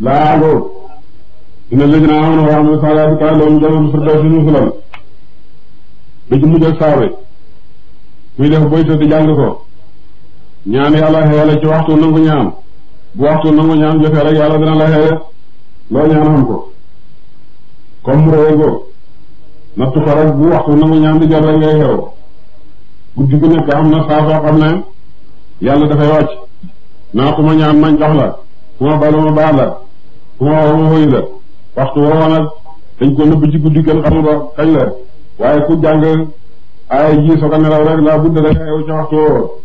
laago dina léegi naa am na waa am na saalaatu kaay loolu jamono firdaw si nuusulan ba ci mujj ak saabe muy def boy tëdd jàng ko ñaan yàlla a ci waxtu nangu ñaan bu waxtu nangu ñaan jotee rek yàlla dina la xeele loo ñaan xam ko comme mu réer ko nattu ko rek bu waxtu ñaan di jot rek ngay xew guddi gu nekk na saa soo xam ne yàlla dafay wàcc ku ma ñaan ma jox la ku ma balu ma baal la su ma woo ma wëy la waxtu woowa nag dañ ko nëbb ci guddi kenn la waaye ku jàng aaya ji soo ko nelaw laa budd rek yow ca waxtu woowa